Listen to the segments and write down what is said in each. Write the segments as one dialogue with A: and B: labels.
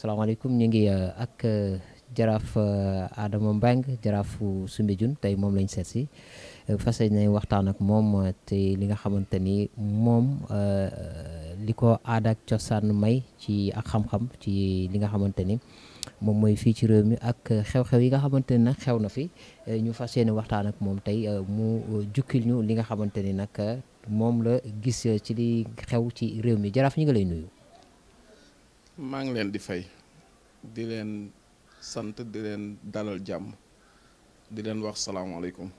A: salaamaaleykum ñu ngi uh, ak uh, jaraaf aadama uh, Mbengue jaraafu Soumbédioune tey moom lañ seet si fas yéene waxtaan ak moom te li nga xamante ni moom li ko aada cosaan may ci ak ci li nga xamante ni moom mooy fii ci réew mi ak xew-xew yi nga xamante ni nag xew na fi ñu fas yéene waxtaan ak moom tey mu jukkil ñu li nga xamante ni nag moom la gis ci li xew ci réew mi jaraaf ñu ngi lay nuyu.
B: maa ngi leen di fay di leen sant di leen dalal jàmm di leen wax salaamaaleykum.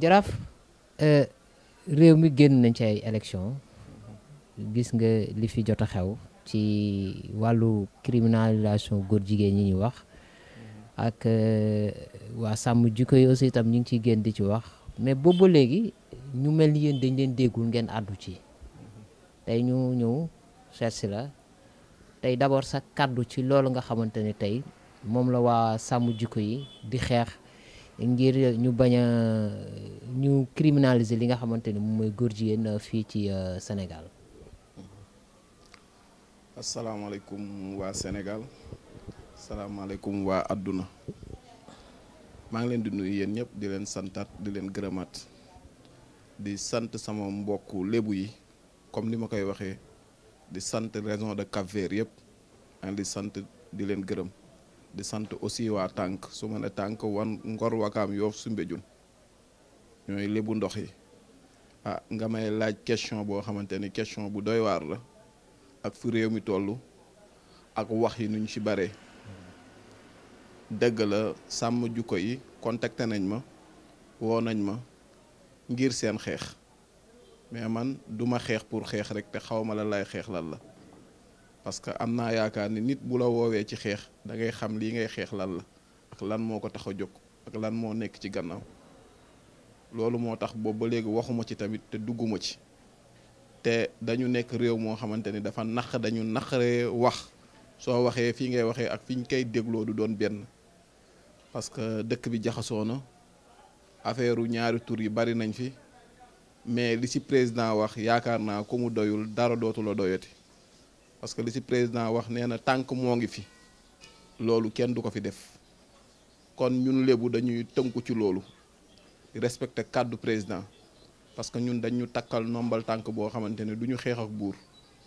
A: jaraaf euh, réew mi génn nañ ci ay élections gis nga li fi jot a xew ci wàllu criminalisation góor jigéen ñi ñuy wax ak euh, waa sàmm jikko yi aussi itam ñu ngi ciy génn di ci wax mais boobu ba léegi ñu mel ni yéen dañ leen déggul ngeen àddu ci tey ñu ñëw. seet si la tey d'abord sa kàddu ci loolu nga xamante ne tey moom la waa sàmm jikko yi di xeex ngir ñu bañ a ñu criminaliser li nga xamante ni moom mooy góor jigéen fii ci euh, Sénégal.
B: asalaamaaleykum waa Sénégal asalaamaaleykum waa àdduna maa ngi leen di nuyu yéen ñëpp di leen santaat di leen gërëmaat di sant sama mbokk lébu yi comme ni ma koy waxee. di sant région de Cap-Vert yëpp di sant di leen gërëm di sant aussi waa tànk su ma ne tànk wan ngor wakaam yoof Soumbédioune ñooy lébu ndox yi ah nga may laaj question boo xamante ni question bu doy waar la ak fu réew mi toll ak wax yi nuñ ci bare dëgg la sàmm jukko yi contacté nañ ma woo nañ ma ngir seen xeex mais man du ma xeex pour xeex rek te xaw ma xeex lan la parce que am naa yaakaar ni nit bu la woowee ci xeex da ngay xam lii ngay xeex lan la ak lan moo ko tax a jóg ak lan moo nekk ci gannaaw loolu moo tax boobu ba léegi waxuma ci tamit te dugguma ci te dañu nekk réew moo xamante ni dafa naq dañu naqaree wax soo waxee fii ngay waxee ak fi ñu koy dégloo du doon benn parce que dëkk bi jaxasoo na affaire ñaari tur yi bari nañ fi. mais li ci président wax yaakaar naa ko mu doyul dara dootula doyati parce que li ci président wax nee na tànk moo ngi fi loolu kenn du ko fi def kon ñun lébu dañuy tënku ci loolu respecté kàddu président parce que ñun dañu takkal nombal tànk boo xamante ne du ñu xeex ak buur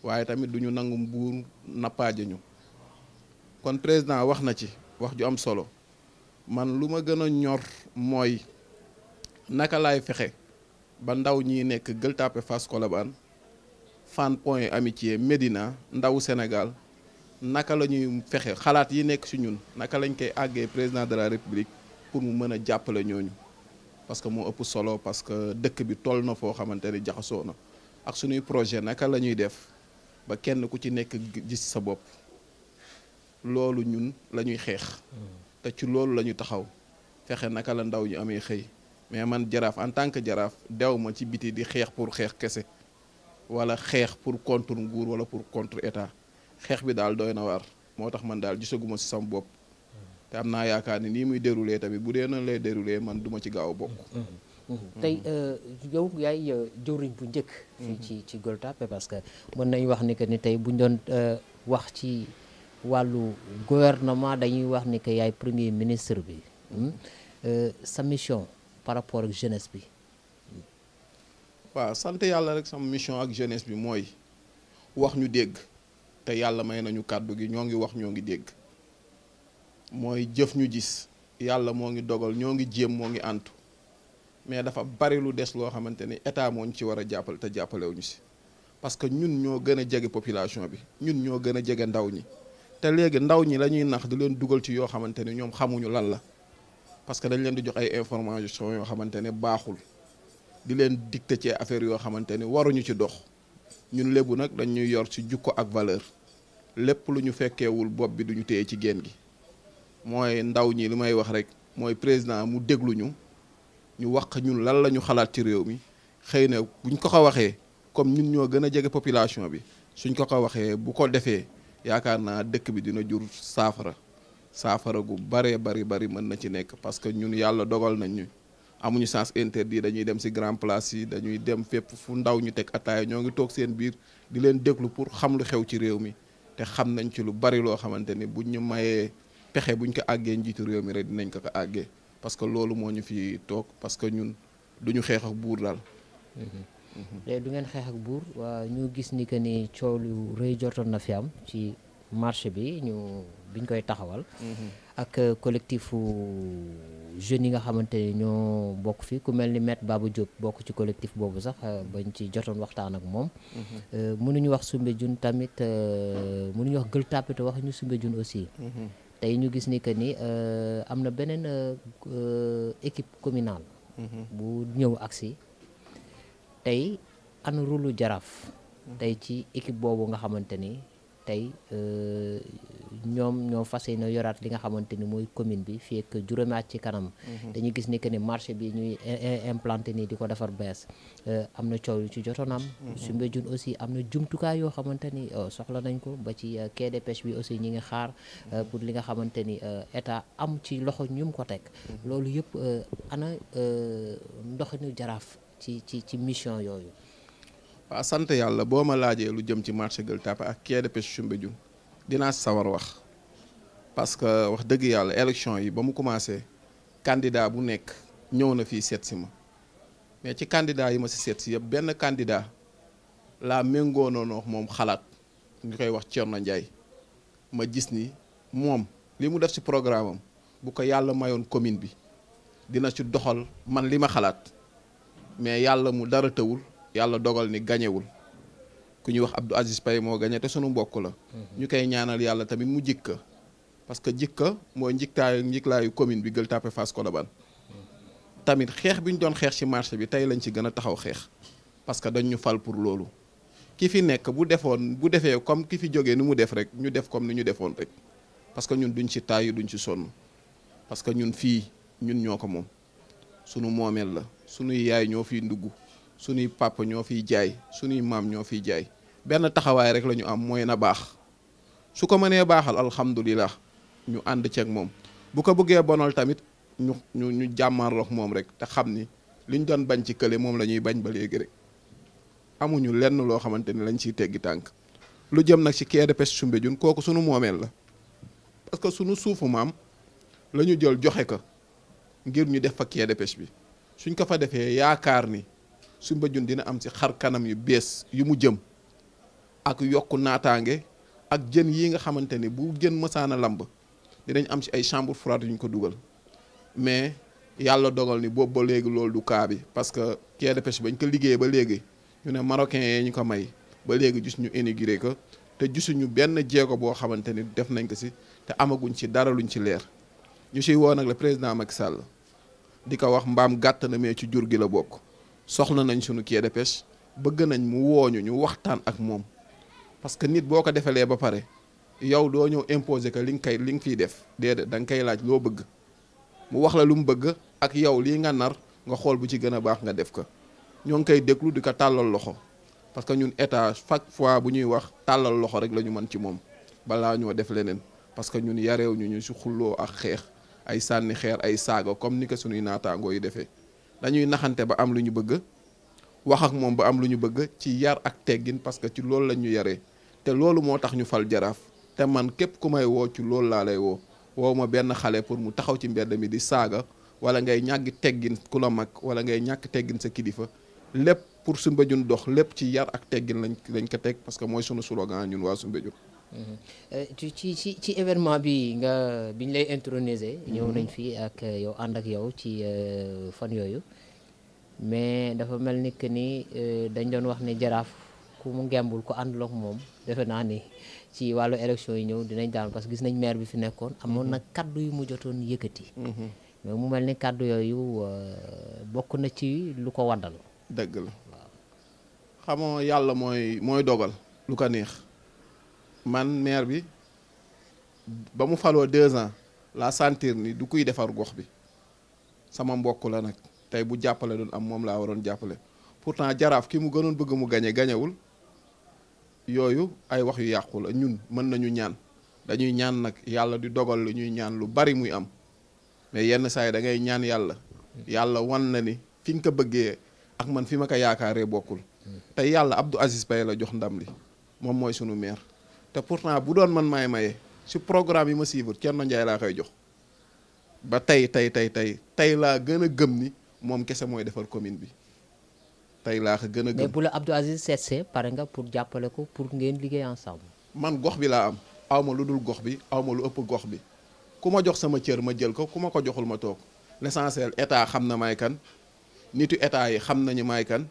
B: waaye tamit du ñu nangum buur nappaaje ñu kon président wax na ci wax ju am solo man lu ma gën a ñor mooy naka lay fexe ba ndaw ñi nekk Gueule Tapée Fass Colobane Fann Point Amitié Médina ndaw Sénégal naka la ñuy fexe xalaat yi nekk ci ñun naka lañ koy àggee président de la république pour mu mën a jàppale ñooñu parce que moo ëpp solo parce que dëkk bi toll na foo xamante ni jaxasoo na ak suñuy projet naka la ñuy def ba kenn ku ci nekk gis sa bopp loolu ñun la ñuy xeex hmm. te ci loolu la ñu taxaw fexe naka la ndaw ñu amee xëy mais man jaraaf en tant que jaraaf dew ma ci biti di xeex pour xeex kese wala xeex pour contre nguur wala pour contre état xeex bi daal doy na waar moo tax man daal gisaguma si sama bopp te am naa yaakaar ni nii muy déroulé tamit bu dee na lay déroulé man duma ci gaaw a bokk. Mm-hmm. Mm-hmm.
A: tey euh, yow yaay euh, jëwriñ bu njëkk. fii mm-hmm. ci ci Gueule Tapée parce que mën nañu wax ni que ni tey buñ doon euh, wax ci wàllu gouvernement dañuy wax ni que yaay premier ministre bi hmm? sa mission. par rapport ak jeunesse bi.
B: waaw sant yàlla rek sama mission ak jeunesse bi mooy wax ñu dégg te yàlla may nañu kàddu gi ñoo ngi wax ñoo ngi dégg mooy jëf ñu jis yàlla moo ngi dogal ñoo ngi jéem moo ngi àntu mais dafa bari lu des loo xamante ni état moo ñu ci war a jàppale te jàppalewuñu si parce que ñun ñoo gën a jege population bi ñun ñoo gën a jege ndaw ñi te léegi ndaw ñi la ñuy nax di leen dugal ci yoo xamante ni ñoom xamuñu lan la. parce que dañ leen di jox ay information yoo xamante ne baaxul di leen dicté ci affaire yoo xamante ne waruñu ci dox ñun lébu nag dañuy yor ci jukko ak valeur lépp lu ñu fekkeewul bopp bi duñu téye ci génn gi mooy ndaw ñi li may wax rek mooy président mu dégluñu ñu wax ñun lan la ñu xalaat ci réew mi xëy ne buñ ko ko waxee comme ñun ñoo gën a jege population bi suñ ko ko waxee bu ko defee yaakaar naa dëkk bi dina jur saafara saafara gu baree bari bari mën na ci nekk parce que ñun yàlla dogal nañu ñu amuñu sens interdit dañuy dem si grand place yi dañuy dem fépp fu ndaw ñu teg ataaya ñoo ngi toog seen biir di leen déglu pour xam lu xew ci réew mi te xam nañ ci lu bari loo xamante ni buñ ñu mayee pexe buñ ko àggee njiitu réew mi rek dinañ ko ko àggee parce que loolu moo ñu fi toog parce que ñun duñu xeex ak buur daal.
A: Mhm. léegi du ngeen xeex ak buur waa ñu gis ni que ni coow lu rëy jotoon na am ci marché bi biñ koy taxawal. Mm-hmm. ak euh, collectifu jeunes yi nga xamante ñoo bokk fi ku mel ni maître Babou Diop bokk ci collectif boobu sax euh, bañ ci jotoon waxtaan ak moom. Mm-hmm. Euh, mënuñu wax jun tamit mënuñu wax Gueule Tapée te waxuñu Soumbédioune aussi. Mm-hmm. tey ñu gis ni que ni am na beneen équipe communale. bu ñëw agsi tey ana rulu jaraaf. tey ci équipe boobu nga xamante ni tey ñoom ñoo fas yéene yoraat li nga xamante ni mooy commune bi fii ak juróomi at ci kanam. Mhm. dañu gis ni que ni marché bi ñuy implante nii di ko defar bees euh, am na coow yu ci jotoon am. Mhm. Soumbédioune aussi am na jumtukaay yoo xamante ni euh, soxla nañ ko ba ci euh, quai de bi aussi ñi ngi xaar mhm. pour li nga xamante ni état am ci loxo ñum ko teg. loolu yëpp ana ndoxinu jaraaf ci ci ci mission yooyu.
B: waaw sant yàlla boo ma laajee lu jëm ci marché Gueule Tapée ak quai de pêche Soumbédioune dinaa sawar wax parce que wax dëgg yàlla élection yi ba mu commencé candidat bu nekk ñëw na fii seet si ma mais ci candidat yi ma si seet si yëpp benn candidat laa méngoo noonu moom xalaat ñu koy wax na Ndiaye ma gis ni moom li mu def si programme am bu ko yàlla mayoon commune bi dina ci doxal man li ma xalaat mais yàlla mu dara tëwul yàlla dogal ni gañewul ku ñuy wax Abdou Aziz Paye moo gañe te sunu mbokk la mhm. ñu koy ñaanal yàlla tamit mu jikka parce que jikka mooy njiktaayu njiklaayu commune bi Gueule Tapée Fass Colobane mhm. tamit xeex bi ñu doon xeex ci marché bi tey lañ ci gën a taxaw xeex parce que dañ ñu fal pour loolu ki fi nekk bu defoon bu defee comme ki fi jógee ni mu def rek ñu def comme ni ñu defoon rek parce que ñun duñ ci taayu duñ ci sonn parce que ñun fii ñun ñoo ko moom sunu moomeel la sunuy yaay ñoo fiy ndugg sunuy papa ñoo fiy jaay sunuy maam ñoo fiy jaay benn taxawaay rek la ñu am mooy na baax su ko mënee baaxal alhamdulilah ñu ànd ceeg moom bu ko bëggee bonal tamit ñu ñu ñu moom rek te xam ni liñ doon bañ ci kële moom la ñuy bañ ba léegi rek amuñu lenn loo xamante ni lañ ciy teggi tànk lu jëm nag ci quai de pêche Soumbédioune kooku sunu moomeel la parce que sunu suufu maam la ñu jël joxe ko ngir ñu def fa quai de bi suñ ko fa defee yaakaar ni Soumbédioune dina am ci xar kanam yu bees yu mu jëm ak yokk naataange ak jën yi nga xamante ne bu jën mësaan a lamb dinañ am ci ay chambre froide yu ñu ko dugal mais yàlla dogal ni boobu ba léegi loolu du cas bi parce que quai bañ ko liggéey ba léegi ñu ne marocain yee ñu ko may ba léegi gis ñu inauguré ko te gisuñu benn jéego boo xamante ni def nañ ko si te amaguñ ci dara luñ ci leer ñu siy woo nag le président Macky sàll di ko wax mbaam gàtt na mais ci jur gi la bokk soxla nañ sunu quai bëgg nañ mu wooñu ñu waxtaan ak moom parce que nit boo ko defalee ba pare yow doo ñëw imposer ko li nga koy li nga fiy def déedéet da nga koy laaj loo bëgg mu wax la lu mu bëgg ak yow lii nga nar nga xool bu ci gën a baax nga def ko ñoo ngi koy déglu di ko tàllal loxo parce que ñun état chaque fois bu ñuy wax tàllal loxo rek la ñu mën ci moom balaa ñoo def leneen parce que ñun yareew ñu ñu si xulloo ak xeex ay sànni xeer ay saaga comme ni ko suñuy naataangoo yi defee dañuy naxante ba am lu ñu bëgg wax ak moom ba am lu ñu bëgg ci yar ak teggin parce que ci loolu lañ ñu yaree te loolu moo tax ñu fal jaraaf te man képp ku may woo ci loolu laa lay woo woo ma benn xale pour mu taxaw ci mbedd mi di saaga wala ngay ñàggi teggin ku la mag wala ngay ñàkk teggin sa kilifa lépp pour Soumbédioune dox lépp ci yar ak teggin lañ lañ ko teg parce que mooy sunu slogan ñun waa Soumbédioune mhm.
A: eh, ci ci ci ci événement bi nga biñ lay introniser. Mhm. ñëw nañ fii ak yow ànd ak yow ci eh, fan yooyu mais dafa mel ni que ni eh, dañ doon wax ni jaraaf ku mu ngembul ku àndul moom defe naa ni ci wàllu élection yi ñëw dinañ daanu parce que gis nañ maire bi fi nekkoon amoon na kàddu yu mu jotoon yëkkati. Mhm. mais mu mel ni kaddu
B: yooyu euh, bokk na ci lu ko waddal. dëgg la waaw xamoo yàlla mooy mooy dogal lu ko neex man maire bi ba mu faloo deux ans laa sentir ni du kuy defar gox bi sama mbokk la nag tey bu jàppale doon am moom laa waroon jàppale pourtant jaraaf ki mu gënoon bëgg mu gañe gañewul yooyu ay wax yu yàqu la ñun mën nañu ñaan dañuy ñaan nag yàlla di dogal lu ñuy ñaan lu bari muy am mais yenn saa yi da ngay ñaan yàlla yàlla wan na ni fi nga ko bëggee ak man fi ma ko yaakaaree bokkul te yàlla Abdou Aziz Paye la jox ndam li moom mooy sunu meer te pourtant bu doon man maay maye si programme yi ma suivre Thierno Ndiaye laa koy jox ba tey tey tey tey tey laa gën a gëm ni moom kese mooy defar commune bi tey laa ko gën a gëm mais bu la Abdou
A: Aziz seetsee pare nga pour jàppale ko pour ngeen liggéey ensemble.
B: man gox bi laa am awma lu dul gox bi awma lu ëpp gox bi ku ma jox sama cër ma jël ko ku ma ko joxul ma toog l'essentiel état xam na may kan nitu état yi xam nañu maay kan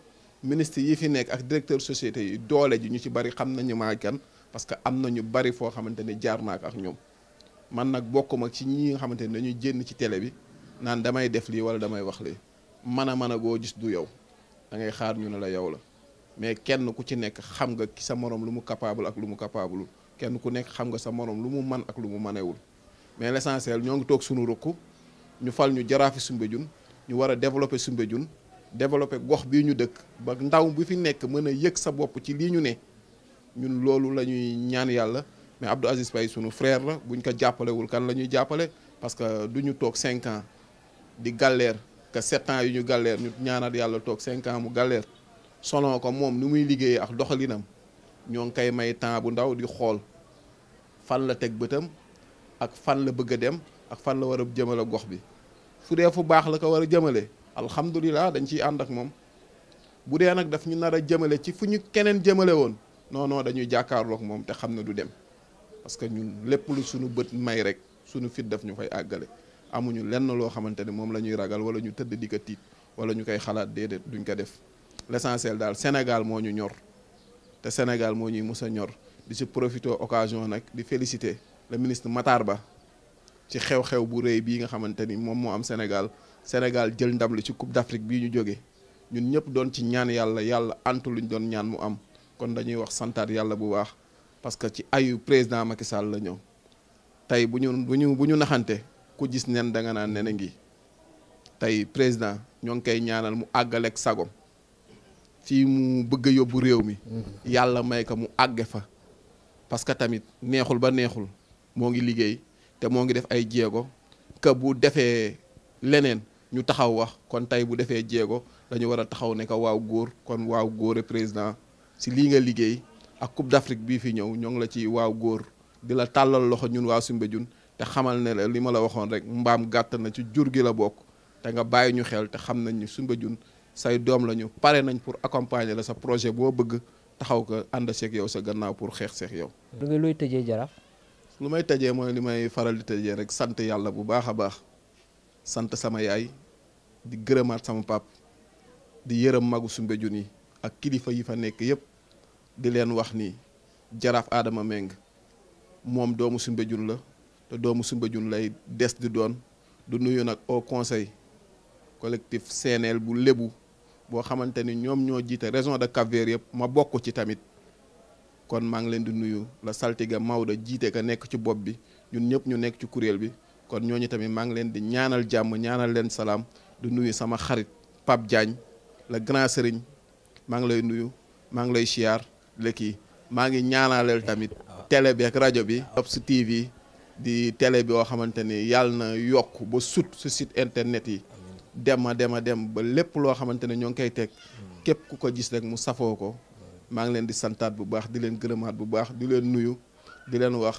B: ministre yi fi nekk ak directeur société yi doole ji ñu ci bari xam nañu maay kan parce que am na ñu bari foo xamante ne jaar naa ak ñoom man nag bokkuma ci ñi nga xamante ne dañuy jénn ci télé bi naan damay def lii wala damay wax lii mën a mën a goo gis du yow. da ngay xaar ñu ne la yow la mais kenn ku ci nekk xam nga sa morom lu mu capable ak lu mu capable kenn ku nekk xam nga sa moroom lu mu man ak lu mu manewul mais l'essentiel ñoo ngi toog sunu rukk ñu fal ñu jaraafi Soumbédioune ñu war a développer Soumbédioune développer gox bii ñu dëkk ba ndaw bi fi nekk mën a yëg sa bopp ci lii ñu ne ñun loolu la ñuy ñaan yàlla mais Abdou Aziz Paye sunu frère la buñ ko jàppalewul kan la ñuy jàppale parce que du ñu toog cinq di galère que yu ñu galère ñu ñaanal yàlla toog cinq ans mu galère ko moom nu muy liggéeyee ak doxalinam ñoo ngi koy may temps bu ndaw di xool fan la teg bëtam ak fan la bëgg dem ak fan la war jëmale gox bi fu dee fu baax la ko war a jëmale alhamdulilah dañ ciy ànd ak moom bu dee nag daf ñu nar a jëmale ci fu ñu keneen jëmale woon non non dañuy jàkkaarloog moom te xam na du dem parce que ñun lépp lu suñu bët may rek sunu fit daf ñu fay àggale amuñu lenn loo xamante ne moom la ñuy ragal wala ñu tëdd di ko tiit wala ñu koy xalaat déedéet duñ ko def l'essentiel daal Sénégal moo ñu ñor te Sénégal moo ñuy mus ñor di ci profité occasion nag di féliciter le ministre Matar Ba ci xew-xew bu rëy bii nga xamante ni moom moo am Sénégal Sénégal jël ndam li ci Coupe d'Afrique bii ñu jóge ñun ñëpp doon ci ñaan yàlla yàlla antu luñ doon ñaan mu am kon dañuy wax santaar yàlla bu waax parce que ci ayu président Macky Sall la ñëw ku gis nen da nga naan nen a ngi tey président ñoo ngi koy ñaanal mu àggaleeg sago fii mu bëgg a yóbbu réew mi mhm. yàlla may ko mu àgge fa parce que tamit neexul ba neexul moo ngi liggéey te moo ngi def ay jéego que bu defee leneen ñu taxaw wax kon tey bu defee jéego dañu war a taxaw ne ko waaw góor kon waaw góore président si lii nga liggéey ak Coupe d'Afrique bii fi ñëw ñoo ngi la ci waaw góor di la tàllal loxo ñun waa Soumbédioune te xamal ne la li ma la waxoon rek mbaam gàtt na ci jur gi la bokk te nga bàyyi ñu xel te xam nañ ñu Soumbédioune say doom lañu pare nañ pour accompagner la sa projet boo bëgg taxaw ko ànd seeg yow sa gannaaw pour xeex seex yow.
A: lu ngay looy tëjee
B: lu may tajee mooy li may faral di tëjee rek sant yàlla bu baax a baax sant sama yaay di gërëmaat sama pap di yërëm magu Soumbédioune yi ak kilifa yi fa nekk yëpp di leen wax ni jaraaf Adama Meng moom doomu Soumbédioune la. te doomu sumba jun lay des di doon du nuyu nag au conseil collectif CNL bu lébu boo xamante ni ñoom ñoo jiite région de Cap-Vert yëpp ma bokk ci tamit kon maa ngi leen di nuyu la saltiga Maodo jiite ka nekk ci bopp bi ñun ñëpp ñu nekk ci kuréel bi kon ñooñu tamit maa ngi leen di ñaanal jàmm ñaanal leen salaam du nuyu sama xarit Pape Diagne la grand sëriñ maa ngi lay nuyu maa ngi lay siyaar lekki maa ngi ñaanaleel tamit télé bi ak rajo bi Obs TV di tele bi yoo xamante ni yàlla na yokk ba sut su site internet yi dem a dem a dem ba lépp loo xamante ne ñoo ngi koy teg képp ku ko gis rek mu safoo ko maa ngi leen di santaat bu baax di leen gërëmaat bu baax di leen nuyu di leen wax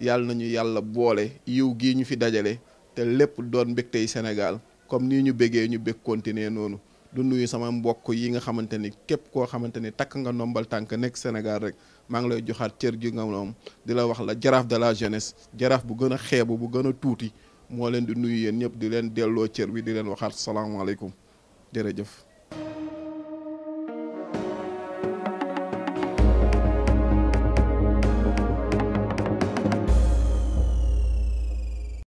B: yàlla nañu yàlla boole yiw gii ñu fi dajale te lépp doon tey Sénégal comme nii ñu béggee ñu bég continuer noonu du nuyu sama mbokk yi nga xamante ni képp koo xamante ni takk nga ndombal tànk nekk Sénégal rek maa ngi lay joxaat cër gi nga moom di la wax la jaraaf de la jeunesse jaraaf bu gën a xeebu bu gën a tuuti moo leen di nuyu yéen ñëpp di leen delloo cër bi di leen waxaat salaamaaleykum jërëjëf